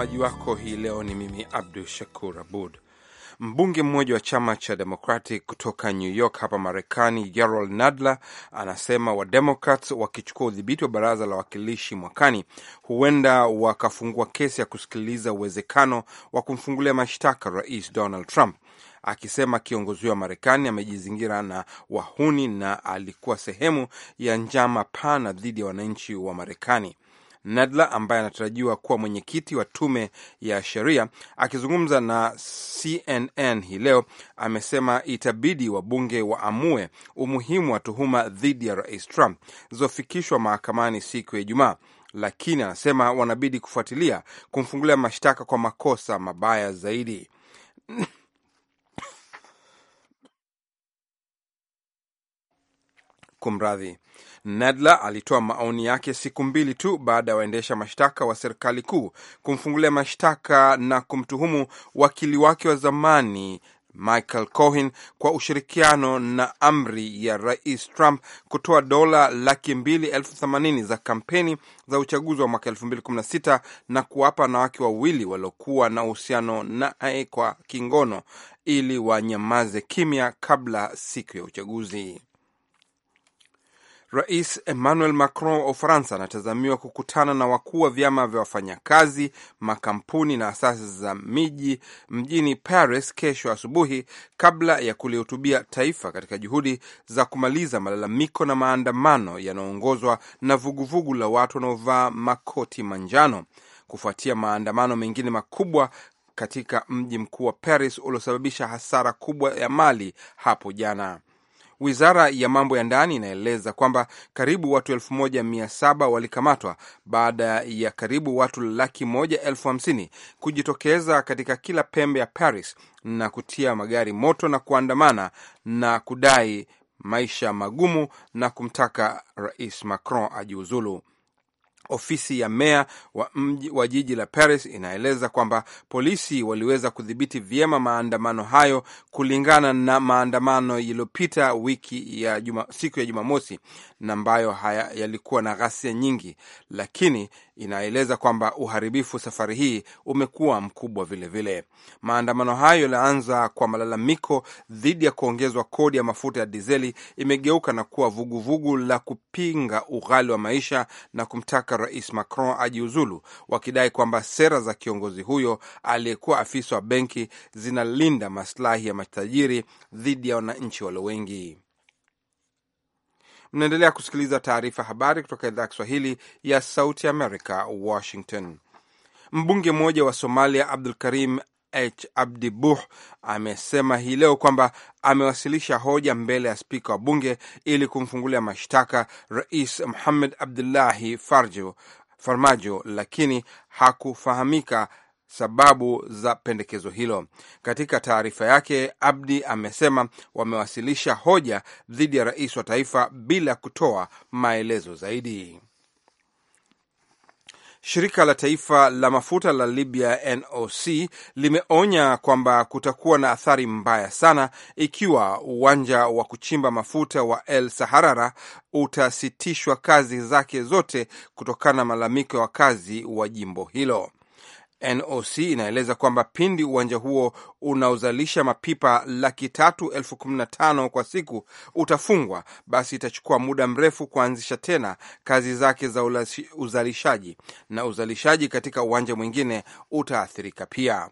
msomaji wako hii leo ni mimi Abdu Shakur Abud. Mbunge mmoja wa chama cha Democratic kutoka New York hapa Marekani, Gerald Nadler anasema wademokrat wakichukua udhibiti wa baraza la wawakilishi mwakani, huenda wakafungua kesi ya kusikiliza uwezekano wa kumfungulia mashtaka Rais Donald Trump, akisema kiongozi huyo wa Marekani amejizingira na wahuni na alikuwa sehemu ya njama pana dhidi ya wananchi wa Marekani. Nadler ambaye anatarajiwa kuwa mwenyekiti wa tume ya sheria, akizungumza na CNN hii leo amesema itabidi wabunge waamue umuhimu wa tuhuma dhidi ya rais Trump zilizofikishwa mahakamani siku ya Ijumaa, lakini anasema wanabidi kufuatilia kumfungulia mashtaka kwa makosa mabaya zaidi Kumradhi, Nadler alitoa maoni yake siku mbili tu baada ya waendesha mashtaka wa serikali kuu kumfungulia mashtaka na kumtuhumu wakili wake wa zamani Michael Cohen kwa ushirikiano na amri ya Rais Trump kutoa dola laki mbili elfu themanini za kampeni za uchaguzi wa mwaka 216 na kuwapa wanawake wawili waliokuwa na uhusiano naye kwa kingono ili wanyamaze kimya kabla siku ya uchaguzi. Rais Emmanuel Macron wa Ufaransa anatazamiwa kukutana na wakuu wa vyama vya wafanyakazi, makampuni na asasi za miji mjini Paris kesho asubuhi kabla ya kulihutubia taifa katika juhudi za kumaliza malalamiko na maandamano yanayoongozwa na vuguvugu la watu wanaovaa makoti manjano kufuatia maandamano mengine makubwa katika mji mkuu wa Paris uliosababisha hasara kubwa ya mali hapo jana. Wizara ya mambo ya ndani inaeleza kwamba karibu watu elfu moja mia saba walikamatwa baada ya karibu watu laki moja elfu hamsini kujitokeza katika kila pembe ya Paris na kutia magari moto na kuandamana na kudai maisha magumu na kumtaka Rais Macron ajiuzulu. Ofisi ya meya wa mji wa jiji la Paris inaeleza kwamba polisi waliweza kudhibiti vyema maandamano hayo kulingana na maandamano yaliyopita wiki ya juma, siku ya Jumamosi na ambayo yalikuwa na ghasia nyingi, lakini inaeleza kwamba uharibifu safari hii umekuwa mkubwa vilevile Maandamano hayo yalianza kwa malalamiko dhidi ya kuongezwa kodi ya mafuta ya dizeli, imegeuka na kuwa vuguvugu vugu la kupinga ughali wa maisha na kumtaka Rais Macron ajiuzulu, wakidai kwamba sera za kiongozi huyo aliyekuwa afisa wa benki zinalinda masilahi ya matajiri dhidi ya wananchi walio wengi. Mnaendelea kusikiliza taarifa habari kutoka idhaa ya Kiswahili ya Sauti Amerika, Washington. Mbunge mmoja wa Somalia Abdul Karim H Abdi Buh amesema hii leo kwamba amewasilisha hoja mbele ya spika wa bunge ili kumfungulia mashtaka Rais Muhamed Abdullahi Farmajo, lakini hakufahamika sababu za pendekezo hilo. Katika taarifa yake, Abdi amesema wamewasilisha hoja dhidi ya rais wa taifa bila kutoa maelezo zaidi. Shirika la taifa la mafuta la Libya NOC limeonya kwamba kutakuwa na athari mbaya sana ikiwa uwanja wa kuchimba mafuta wa El Saharara utasitishwa kazi zake zote kutokana na malalamiko ya wakazi wa jimbo hilo. NOC inaeleza kwamba pindi uwanja huo unaozalisha mapipa laki tatu elfu kumi na tano kwa siku utafungwa, basi itachukua muda mrefu kuanzisha tena kazi zake za uzalishaji na uzalishaji katika uwanja mwingine utaathirika pia.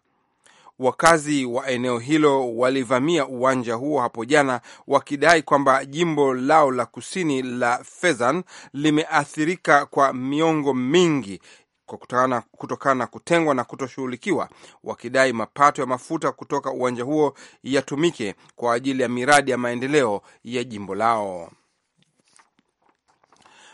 Wakazi wa eneo hilo walivamia uwanja huo hapo jana wakidai kwamba jimbo lao la kusini la Fezzan limeathirika kwa miongo mingi kutokana na kutengwa na kutoshughulikiwa, wakidai mapato ya mafuta kutoka uwanja huo yatumike kwa ajili ya miradi ya maendeleo ya jimbo lao.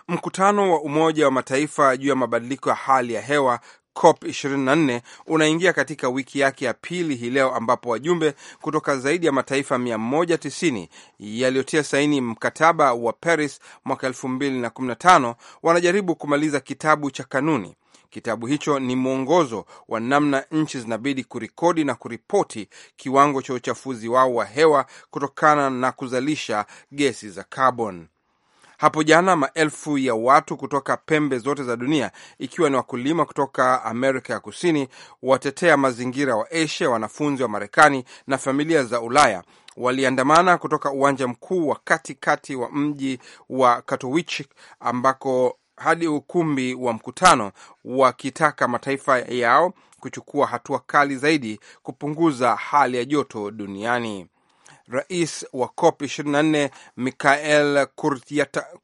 Mkutano wa Umoja wa Mataifa juu ya mabadiliko ya hali ya hewa COP 24 unaingia katika wiki yake ya pili hii leo ambapo wajumbe kutoka zaidi ya mataifa 190 yaliyotia saini mkataba wa Paris mwaka 2015 wanajaribu kumaliza kitabu cha kanuni Kitabu hicho ni mwongozo wa namna nchi zinabidi kurekodi na kuripoti kiwango cha uchafuzi wao wa hewa kutokana na kuzalisha gesi za carbon. Hapo jana maelfu ya watu kutoka pembe zote za dunia ikiwa ni wakulima kutoka Amerika ya Kusini, watetea mazingira wa Asia, wanafunzi wa Marekani na familia za Ulaya waliandamana kutoka uwanja mkuu wa katikati kati wa mji wa Katowice ambako hadi ukumbi wa mkutano wakitaka mataifa yao kuchukua hatua kali zaidi kupunguza hali ya joto duniani. Rais wa COP 24 Mikhael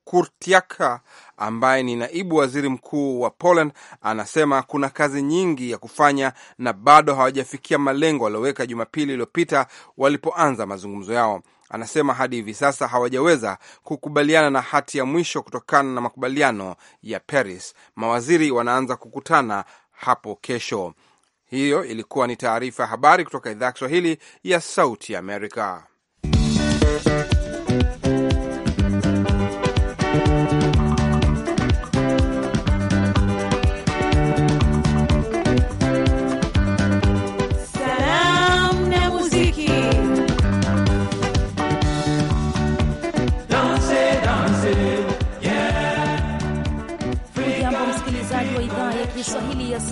Kurtiaka, ambaye ni naibu waziri mkuu wa Poland, anasema kuna kazi nyingi ya kufanya na bado hawajafikia malengo walioweka Jumapili iliyopita walipoanza mazungumzo yao. Anasema hadi hivi sasa hawajaweza kukubaliana na hati ya mwisho kutokana na makubaliano ya Paris. Mawaziri wanaanza kukutana hapo kesho. Hiyo ilikuwa ni taarifa ya habari kutoka idhaa ya Kiswahili ya Sauti Amerika.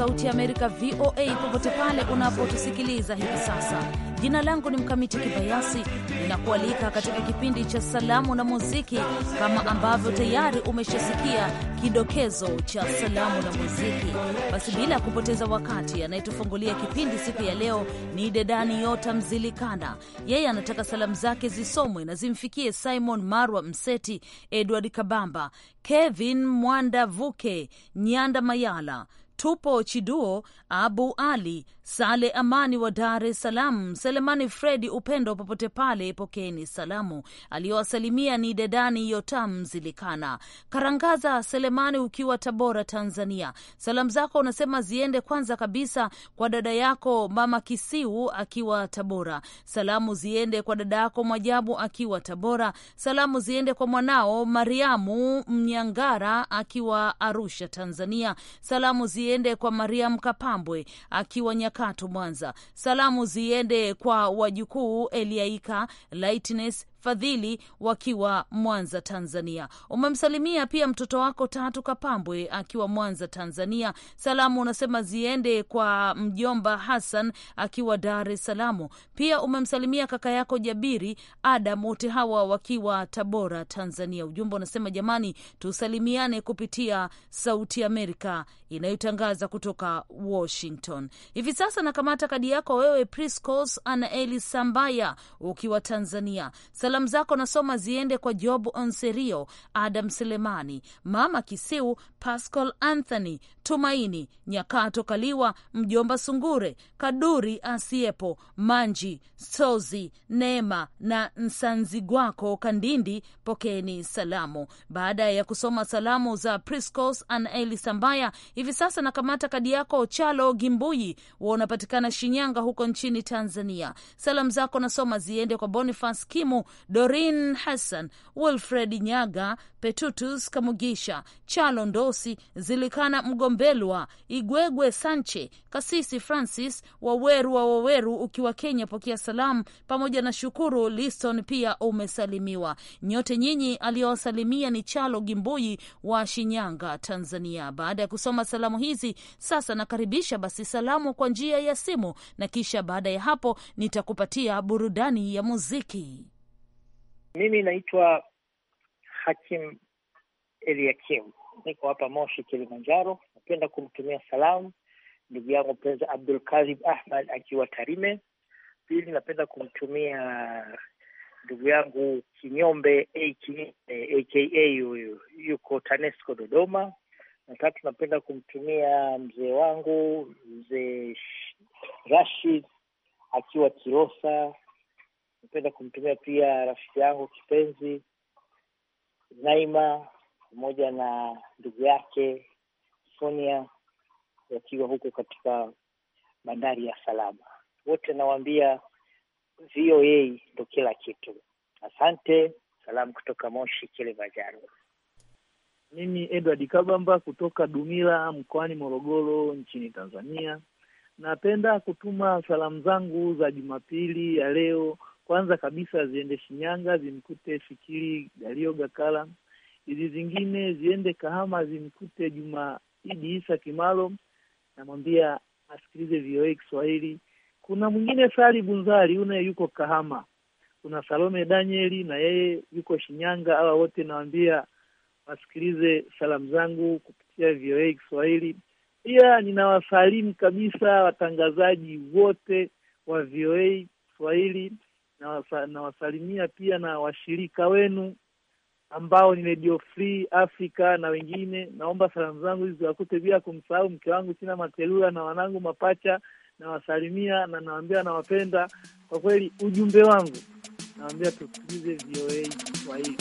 Sauti ya Amerika VOA popote pale unapotusikiliza hivi sasa. Jina langu ni Mkamiti Kibayasi, ninakualika katika kipindi cha salamu na muziki, kama ambavyo tayari umeshasikia kidokezo cha salamu na muziki. Basi bila ya kupoteza wakati, anayetufungulia kipindi siku ya leo ni Dedani Yota Mzilikana. Yeye anataka salamu zake zisomwe na zimfikie Simon Marwa Mseti, Edward Kabamba, Kevin Mwanda Vuke, Nyanda Mayala Tupo Chiduo Abu Ali Sale Amani wa Dar es Salaam, Selemani Fredi Upendo popote pale, pokeni salamu. Aliyowasalimia ni Dedani Yotam Zilikana Karangaza Selemani, ukiwa Tabora, Tanzania. Salamu zako unasema ziende kwanza kabisa kwa dada yako Mama Kisiu akiwa Tabora. Salamu ziende kwa dada yako Mwajabu akiwa Tabora. Salamu ziende kwa mwanao Mariamu Mnyangara akiwa Arusha, Tanzania. Salamu ziende kwa Mariam Kapambwe akiwa Nyaka Nyakato, Mwanza. Salamu ziende kwa wajukuu Eliaika, Lightness, Fadhili wakiwa Mwanza, Tanzania. Umemsalimia pia mtoto wako Tatu Kapambwe akiwa Mwanza, Tanzania. Salamu unasema ziende kwa mjomba Hassan akiwa Dar es Salaam. Pia umemsalimia kaka yako Jabiri Adam, wote hawa wakiwa Tabora, Tanzania. Ujumbe unasema jamani, tusalimiane kupitia Sauti Amerika inayotangaza kutoka Washington. Hivi sasa nakamata kadi yako wewe, Priscos Eli Sambaya, ukiwa Tanzania. Salamu zako nasoma ziende kwa Job Onserio, Adam Selemani, Mama Kisiu, Pascal Anthony, Tumaini Nyakato, Kaliwa Mjomba, Sungure Kaduri, Asiepo Manji, Sozi Neema na Nsanzigwako Kandindi, pokeni salamu. Baada ya kusoma salamu za Priscos Eli Sambaya Hivi sasa nakamata kadi yako Ochalo Gimbuyi wa unapatikana Shinyanga huko nchini Tanzania. Salamu zako nasoma ziende kwa Bonifas Kimu, Dorin Hassan, Wilfred Nyaga, Petutus Kamugisha, Chalo Ndosi, Zilikana Mgombelwa, Igwegwe Sanche, Kasisi Francis Waweru wa Waweru, ukiwa Kenya pokea salamu, pamoja na Shukuru Liston pia umesalimiwa. Nyote nyinyi aliyowasalimia ni Chalo Gimbuyi wa Shinyanga, Tanzania. Baada ya kusoma salamu hizi. Sasa nakaribisha basi salamu kwa njia ya simu, na kisha baada ya hapo nitakupatia burudani ya muziki. Mimi naitwa Hakim Eliakim, niko hapa Moshi, Kilimanjaro. Napenda kumtumia salamu ndugu yangu mpenzi Abdul Kadhib Ahmad akiwa Tarime. Pili, napenda kumtumia ndugu yangu Kinyombe aka huyu yuko TANESCO Dodoma nakaa, tunapenda kumtumia mzee wangu mzee Rashid akiwa Kilosa. Napenda kumtumia pia rafiki yangu kipenzi Naima pamoja na ndugu yake Sonia wakiwa huko katika bandari ya Salama. Wote nawaambia VOA ndo kila kitu. Asante. Salamu kutoka Moshi, Kilimanjaro. Mimi Edward Kabamba kutoka Dumila mkoani Morogoro nchini Tanzania. Napenda kutuma salamu zangu za Jumapili ya leo. Kwanza kabisa ziende Shinyanga, zimkute Fikiri Galio Gakala. Hizi zingine ziende Kahama, zimkute Juma Idi Isa Kimalo, namwambia asikilize VOA Kiswahili. Kuna mwingine Sali bunzari une yuko Kahama. Kuna Salome Danieli na yeye yuko Shinyanga. Hawa wote nawambia wasikilize salamu zangu kupitia VOA Kiswahili. Pia ninawasalimu kabisa watangazaji wote wa VOA Kiswahili nawasalimia na pia na washirika wenu ambao ni Radio Free Africa na wengine. Naomba salamu zangu hizi ziwakute bila kumsahau mke wangu china Matelula na wanangu mapacha, nawasalimia na nawaambia nawapenda kwa kweli. Ujumbe wangu nawaambia tusikilize VOA Kiswahili.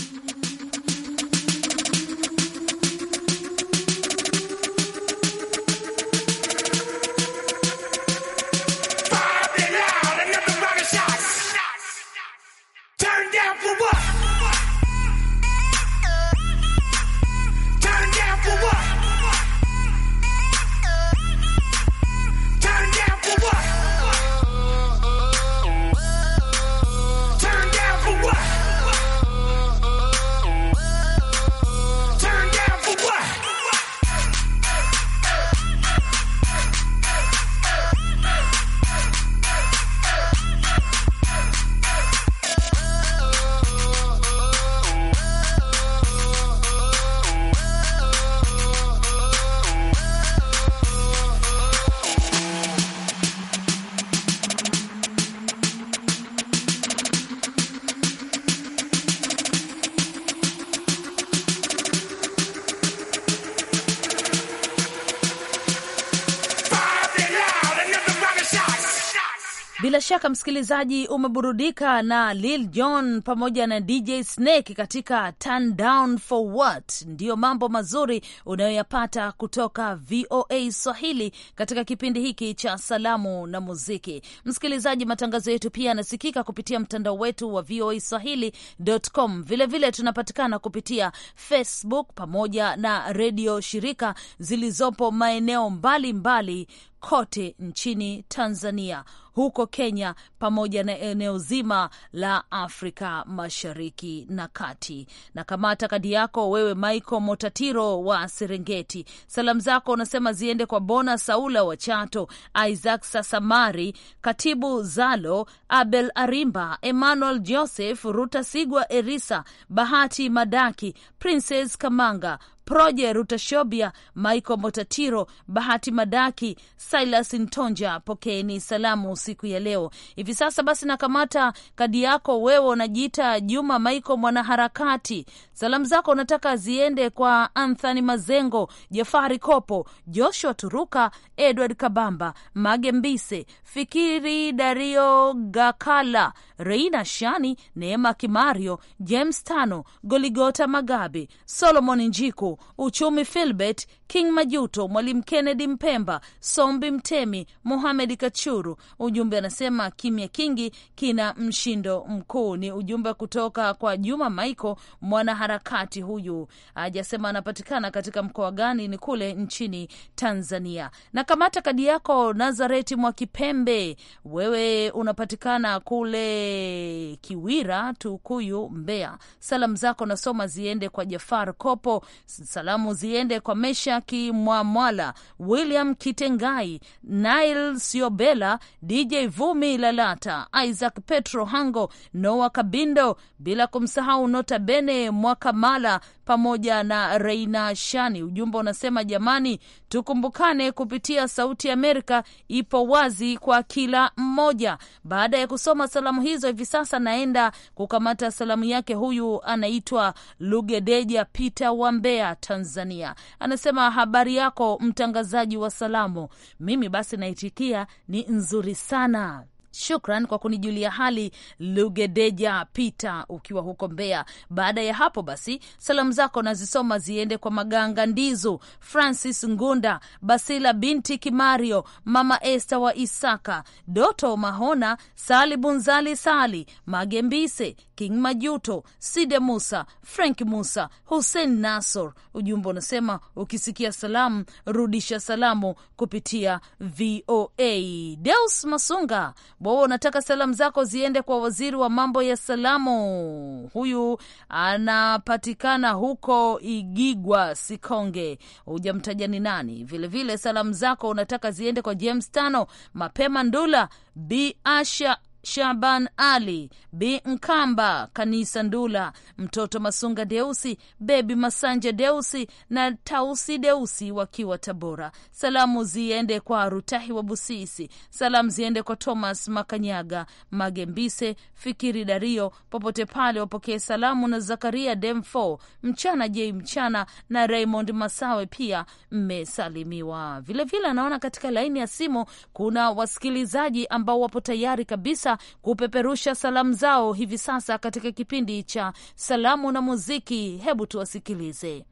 shaka msikilizaji, umeburudika na Lil john pamoja na DJ Snake katika Turn Down For What. Ndiyo mambo mazuri unayoyapata kutoka VOA Swahili katika kipindi hiki cha salamu na muziki. Msikilizaji, matangazo yetu pia yanasikika kupitia mtandao wetu wa VOA Swahili.com. Vilevile tunapatikana kupitia Facebook pamoja na redio shirika zilizopo maeneo mbalimbali mbali kote nchini Tanzania, huko Kenya, pamoja na eneo zima la Afrika Mashariki na Kati. Na kamata kadi yako wewe, Michael Motatiro wa Serengeti. Salamu zako unasema ziende kwa Bona Saula wa Chato, Isaac Sasamari, Katibu Zalo, Abel Arimba, Emmanuel Joseph, Ruta Sigwa, Erisa Bahati Madaki, Princess Kamanga Proje Rutashobia, Michael Motatiro, Bahati Madaki, Silas Ntonja, pokeeni salamu siku ya leo. Hivi sasa basi nakamata kadi yako wewe, unajiita Juma Michael mwanaharakati. Salamu zako unataka ziende kwa Anthony Mazengo, Jafari Kopo, Joshua Turuka, Edward Kabamba, Mage Mbise, Fikiri Dario Gakala Reina Shani, Neema Kimario, James Tano, Goligota Magabe, Solomon Njiku, Uchumi Filbert, King Majuto, Mwalimu Kennedy Mpemba, Sombi Mtemi, Mohamed Kachuru. Ujumbe anasema kimya kingi kina mshindo mkuu. Ni ujumbe kutoka kwa Juma Michael, mwanaharakati huyu. ajasema anapatikana katika mkoa gani, ni kule nchini Tanzania. Na kamata kadi yako, Nazareti mwa Kipembe, wewe unapatikana kule Kiwira, Tukuyu, Mbeya. Salamu zako nasoma ziende kwa Jafar Kopo, salamu ziende kwa Mesha Jaki Mwamwala, William Kitengai, Nail Siobela, DJ Vumi Lalata, Isaac Petro Hango, Noah Kabindo, bila kumsahau nota bene Mwakamala pamoja na Reina Shani. Ujumbe unasema jamani, tukumbukane kupitia Sauti Amerika ipo wazi kwa kila mmoja. Baada ya kusoma salamu hizo, hivi sasa naenda kukamata salamu yake. Huyu anaitwa Lugedeja Peter wa Mbeya, Tanzania. Anasema habari yako mtangazaji wa salamu. Mimi basi naitikia ni nzuri sana. Shukran kwa kunijulia hali, Lugedeja Peter, ukiwa huko Mbeya. Baada ya hapo basi, salamu zako nazisoma ziende kwa Maganga Ndizu, Francis Ngunda, Basila binti Kimario, Mama Esther wa Isaka, Doto Mahona, Sali Bunzali, Sali Magembise, King Majuto, Side Musa, Frank Musa, Hussein Nasor. Ujumbe unasema ukisikia salamu rudisha salamu kupitia VOA. Deus Masunga wewe unataka salamu zako ziende kwa waziri wa mambo ya salamu, huyu anapatikana huko Igigwa Sikonge, hujamtaja ni nani. Vilevile salamu zako unataka ziende kwa James Tano, Mapema Ndula, Bi Asha Shaban Ali B Nkamba, Kanisa Ndula, mtoto Masunga Deusi, Bebi Masanja Deusi na Tausi Deusi wakiwa Tabora. Salamu ziende kwa Rutahi wa Busisi, salamu ziende kwa Thomas Makanyaga Magembise, Fikiri Dario, popote pale wapokee salamu, na Zakaria Demfo, Mchana Jei Mchana na Raymond Masawe pia mmesalimiwa. Vilevile anaona katika laini ya simu kuna wasikilizaji ambao wapo tayari kabisa Mombasa kupeperusha salamu zao hivi sasa katika kipindi cha salamu na muziki. Hebu tuwasikilize.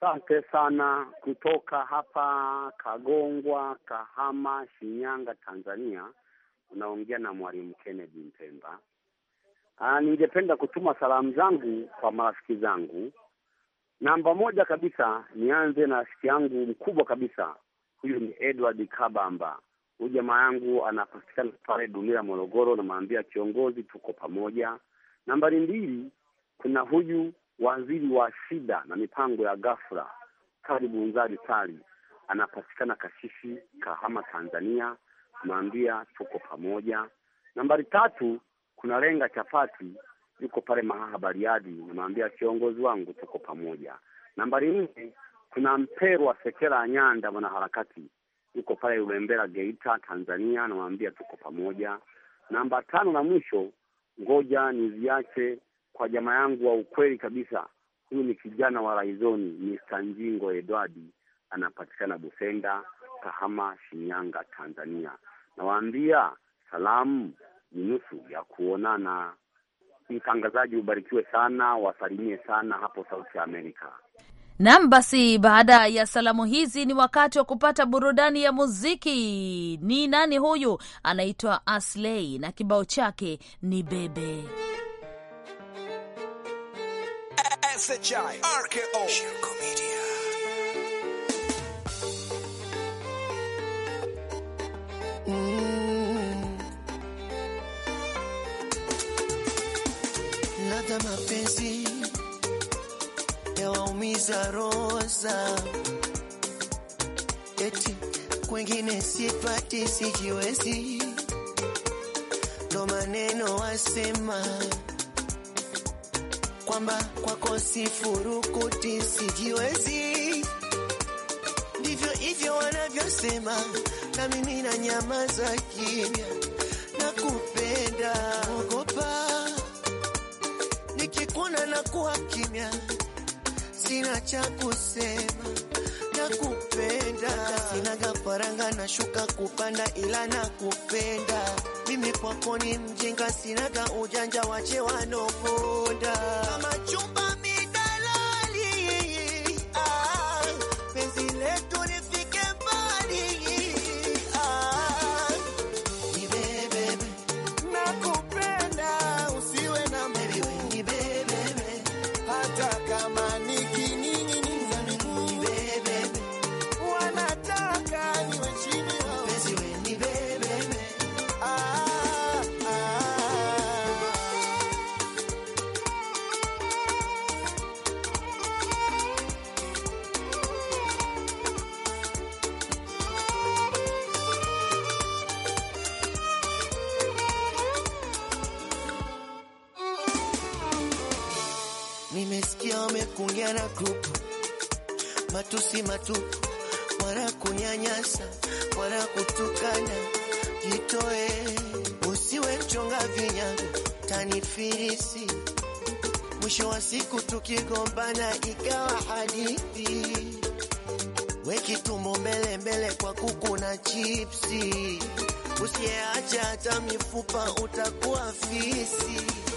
Asante sana kutoka hapa Kagongwa, Kahama, Shinyanga, Tanzania. Unaongea na Mwalimu Kennedy Mpemba. Ah, ningependa kutuma salamu zangu kwa marafiki zangu. Namba moja kabisa, nianze na rafiki yangu mkubwa kabisa, huyu ni Edward Kabamba huyu jamaa yangu anapatikana pale dumira Morogoro, namwambia kiongozi, tuko pamoja. Nambari mbili, kuna huyu waziri wa shida na mipango ya ghafla Karibu Nzari Tali, anapatikana Kashishi, Kahama, Tanzania, namwambia tuko pamoja. Nambari tatu, kuna Lenga Chapati yuko pale Mahaba Bariadi, namwambia kiongozi wangu, tuko pamoja. Nambari nne, kuna Mperwa Sekela Nyanda, mwanaharakati yuko pale Ulembela, Geita, Tanzania. anamwambia tuko pamoja. Namba tano na mwisho, ngoja niziache kwa jamaa yangu wa ukweli kabisa. Huyu ni kijana wa Raizoni, Mr. Njingo Edwadi, anapatikana Busenda, Kahama, Shinyanga, Tanzania. Nawaambia salamu ni nusu ya kuonana. Mtangazaji, ubarikiwe sana, wasalimie sana hapo Sauti ya Amerika. Nam, basi baada ya salamu hizi ni wakati wa kupata burudani ya muziki. Ni nani huyu? Anaitwa Asley na kibao chake ni bebe mm. mapenzi yawaumiza roho eti kwengine sipati, sijiwezi, ndo maneno wasema kwamba kwako sifurukuti, sijiwezi, ndivyo hivyo wanavyosema, na mimi na nyamaza kimya, kupenda ogopa nikikuna na kuwa kimya sina cha kusema, na kupenda sina faranga na shuka kupanda, ila na kupenda mimi, kwako ni mjinga, sinaga ujanja, wache wanoponda kama chumba matupu, matusi matupu, wanakunyanyasa, wanakutukana. Jitoe, usiwe mchonga vinyago tanifirisi. Mwisho wa siku tukigombana ikawa hadithi, weki tumbo mbele mbele kwa kuku na chipsi. Usiyeacha hata mifupa utakuwa fisi.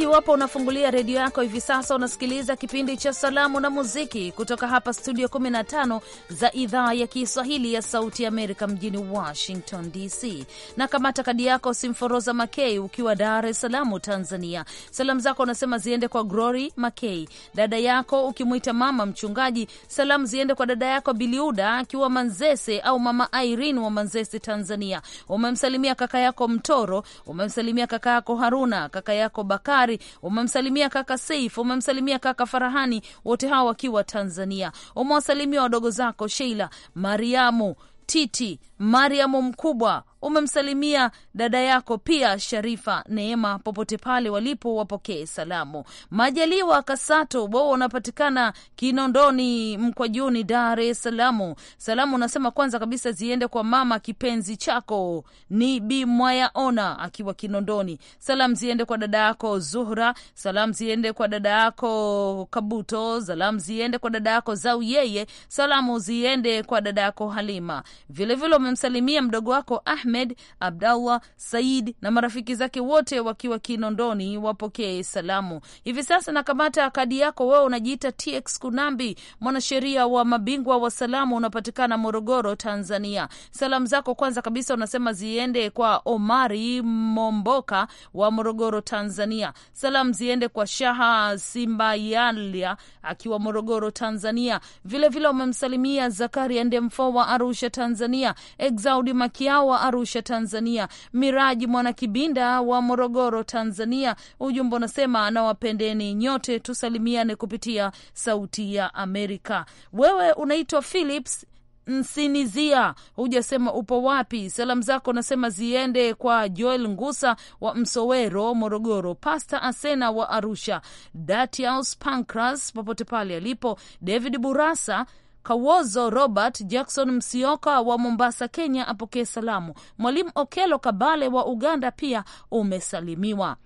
msikilizaji, iwapo unafungulia redio yako hivi sasa, unasikiliza kipindi cha Salamu na Muziki kutoka hapa studio 15 za idhaa ya Kiswahili ya Sauti Amerika mjini Washington DC. Na kamata kadi yako Simforoza Makei ukiwa Dar es Salaam, Tanzania. Salamu zako unasema ziende kwa Glory Makei, dada yako ukimwita mama mchungaji. Salamu ziende kwa dada yako Biliuda akiwa Manzese au mama Irene wa Manzese, Tanzania. Umemsalimia kaka yako Mtoro, umemsalimia kaka yako Haruna, kaka yako Bakari Shomari, umemsalimia kaka Saif, umemsalimia kaka Farahani, wote hawa wakiwa Tanzania. Umewasalimia wadogo zako Sheila, Mariamu, Titi Mariamu mkubwa, umemsalimia dada yako pia Sharifa Neema, popote pale walipo wapokee salamu. Majaliwa Kasato wao wanapatikana Kinondoni Mkwajuni, Dar es Salaam. Salamu unasema kwanza kabisa ziende kwa mama kipenzi chako ni Bi Mwayaona akiwa Kinondoni. Salamu ziende kwa dada yako Zuhra, salamu ziende kwa dada yako Kabuto, salamu ziende kwa dada yako Zau yeye, salamu ziende kwa dada yako Halima vilevile vile amemsalimia mdogo wako Ahmed Abdallah Said na marafiki zake wote wakiwa Kinondoni, wapokee salamu hivi sasa. Nakamata kadi yako wewe, unajiita TX Kunambi, mwanasheria wa mabingwa wa salamu, unapatikana Morogoro, Tanzania. Salamu zako kwanza kabisa unasema ziende kwa Omari Momboka wa Morogoro, Tanzania. Salamu ziende kwa Shaha Simbayalia akiwa Morogoro, Tanzania. Vilevile vile umemsalimia Zakaria Ndemfo wa Arusha, Tanzania. Exaudi Makiao wa Arusha, Tanzania, Miraji Mwanakibinda wa Morogoro, Tanzania. Ujumbe unasema nawapendeni nyote, tusalimiane kupitia Sauti ya Amerika. Wewe unaitwa Philips Nsinizia, hujasema upo wapi. Salamu zako nasema ziende kwa Joel Ngusa wa Msowero, Morogoro, Pasta Asena wa Arusha, Datius Pancras popote pale alipo, David Burasa Kawozo Robert Jackson Msioka wa Mombasa, Kenya apokee salamu. Mwalimu Okelo Kabale wa Uganda pia umesalimiwa.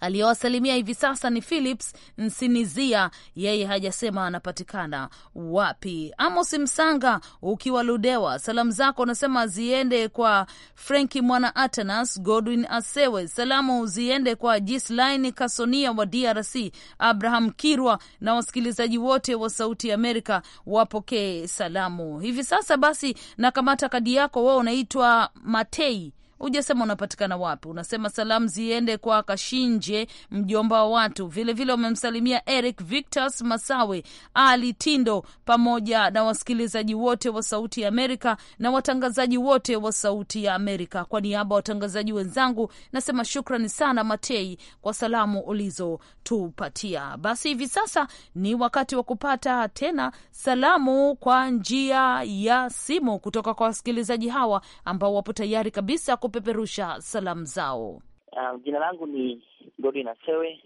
Aliyewasalimia hivi sasa ni Philips Nsinizia, yeye hajasema anapatikana wapi. Amos Msanga, ukiwa Ludewa, salamu zako unasema ziende kwa Frenki Mwana Atanas, Godwin Asewe, salamu ziende kwa Jislaini Kasonia wa DRC, Abraham Kirwa na wasikilizaji wote wa Sauti ya Amerika wapokee salamu hivi sasa. Basi nakamata kadi yako, wewe unaitwa Matei Ujasema unapatikana wapi. Unasema salamu ziende kwa Kashinje, mjomba wa watu. Vilevile wamemsalimia vile Eric Victos Masawe, Ali Tindo pamoja na wasikilizaji wote wa Sauti ya Amerika na watangazaji wote wa Sauti ya Amerika. Kwa niaba ya watangazaji wenzangu nasema shukrani sana Matei kwa salamu ulizotupatia. Basi hivi sasa ni wakati wa kupata tena salamu kwa njia ya simu kutoka kwa wasikilizaji hawa ambao wapo tayari kabisa kupeperusha salamu zao. Uh, jina langu ni Godi Nasewe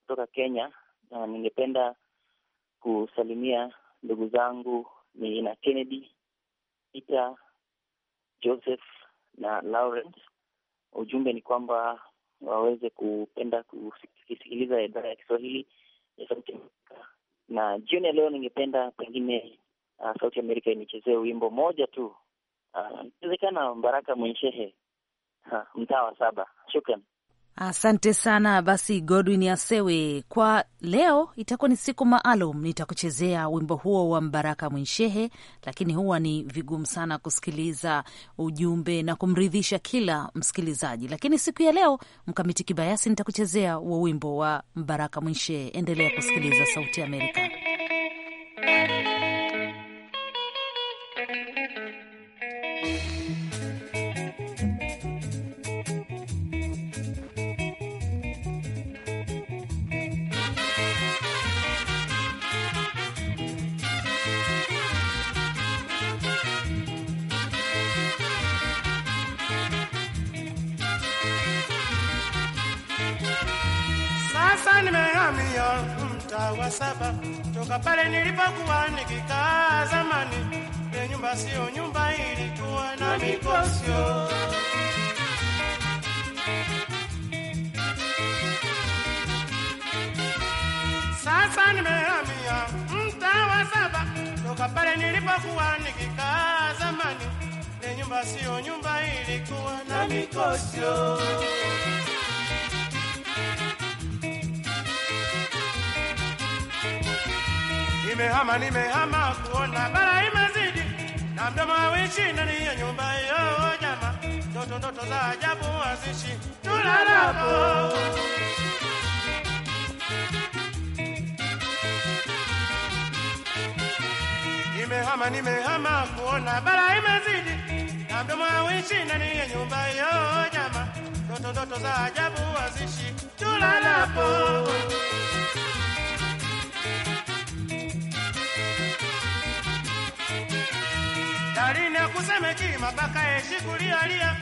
kutoka Kenya na ningependa kusalimia ndugu zangu ni na Kennedy Peter, Joseph na Lawrence. Ujumbe ni kwamba waweze kupenda kusikiliza idara ya Kiswahili ya Sauti Amerika. Na jioni ya leo ningependa pengine, uh, Sauti Amerika inichezee wimbo moja tu, ah, ikiwezekana uh, Baraka Mwenshehe mtaa wa saba. Shukran, asante sana. Basi Godwin Asewe, kwa leo itakuwa ni siku maalum, nitakuchezea wimbo huo wa Mbaraka Mwinshehe, lakini huwa ni vigumu sana kusikiliza ujumbe na kumridhisha kila msikilizaji, lakini siku ya leo Mkamiti Kibayasi nitakuchezea wa wimbo wa Mbaraka Mwinshehe. Endelea kusikiliza Sauti ya Amerika. Kwa pale nilipokuwa nikikaa zamani, ile nyumba sio nyumba, ilikuwa na mikosio Sasa nimehamia mtaa wa saba, toka pale nilipokuwa nikikaa zamani, ile nyumba siyo nyumba, ilikuwa na mikosio nimehama, nimehama kuona bara imezidi, na mdomo hawishi ndani ya nyumba hiyo. Jama ndoto, ndoto za ajabu azishi tulalapo Nimehama, nimehama kuona bara imezidi, na mdomo hawishi ndani ya nyumba hiyo. Jama ndoto, ndoto za ajabu hazishi tulalapo Mseme mapaka yeshikulialia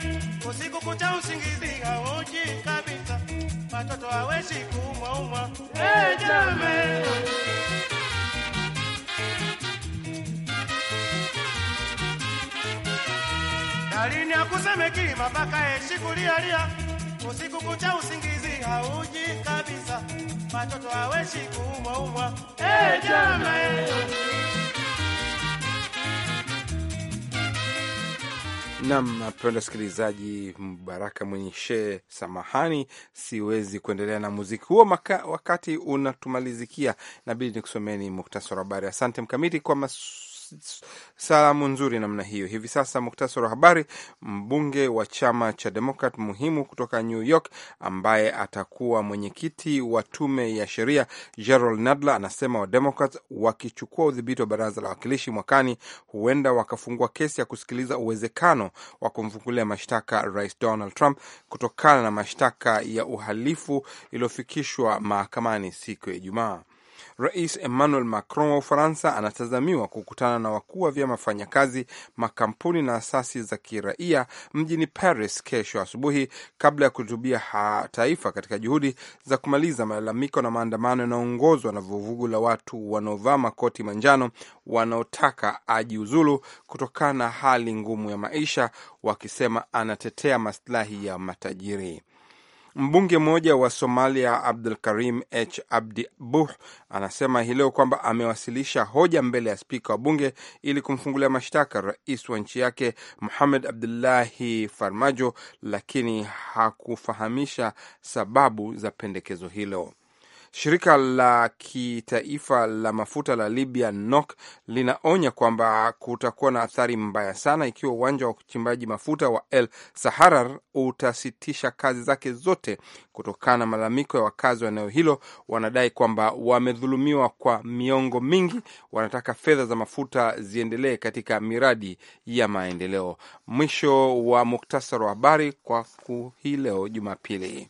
usiku kucha usingizi haoji kabisa, watoto haweshi kuumwaumwa ejame dalini akusemeki mapaka yeshikulialia usiku kucha usingizi hauji kabisa, watoto aweshi kuumwaumwa ejame Nam napenda msikilizaji Mbaraka shee samahani, siwezi kuendelea na muziki huo maka, wakati unatumalizikia, nabidi nikusomeni muktasari wa habari. Asante Mkamiti kwa mas salamu nzuri namna hiyo. Hivi sasa muktasari wa habari. Mbunge wa chama cha Demokrat muhimu kutoka New York ambaye atakuwa mwenyekiti wa tume ya sheria Gerald Nadler anasema Wademokrat wakichukua udhibiti wa baraza la wawakilishi mwakani, huenda wakafungua kesi ya kusikiliza uwezekano wa kumfungulia mashtaka Rais Donald Trump kutokana na mashtaka ya uhalifu iliyofikishwa mahakamani siku ya Ijumaa. Rais Emmanuel Macron wa Ufaransa anatazamiwa kukutana na wakuu wa vyama wafanyakazi, makampuni na asasi za kiraia mjini Paris kesho asubuhi kabla ya kuhutubia taifa katika juhudi za kumaliza malalamiko na maandamano yanayoongozwa na vuguvugu la watu wanaovaa makoti manjano wanaotaka ajiuzulu kutokana na hali ngumu ya maisha, wakisema anatetea maslahi ya matajiri. Mbunge mmoja wa Somalia Abdul Karim H Abdi Buh anasema hii leo kwamba amewasilisha hoja mbele ya spika wa bunge ili kumfungulia mashtaka rais wa nchi yake Muhamed Abdullahi Farmajo, lakini hakufahamisha sababu za pendekezo hilo. Shirika la kitaifa la mafuta la Libya NOC linaonya kwamba kutakuwa na athari mbaya sana ikiwa uwanja wa uchimbaji mafuta wa El Saharar utasitisha kazi zake zote kutokana na malalamiko ya wakazi wa eneo hilo. Wanadai kwamba wamedhulumiwa kwa miongo mingi, wanataka fedha za mafuta ziendelee katika miradi ya maendeleo. Mwisho wa muktasari wa habari kwa hii leo Jumapili.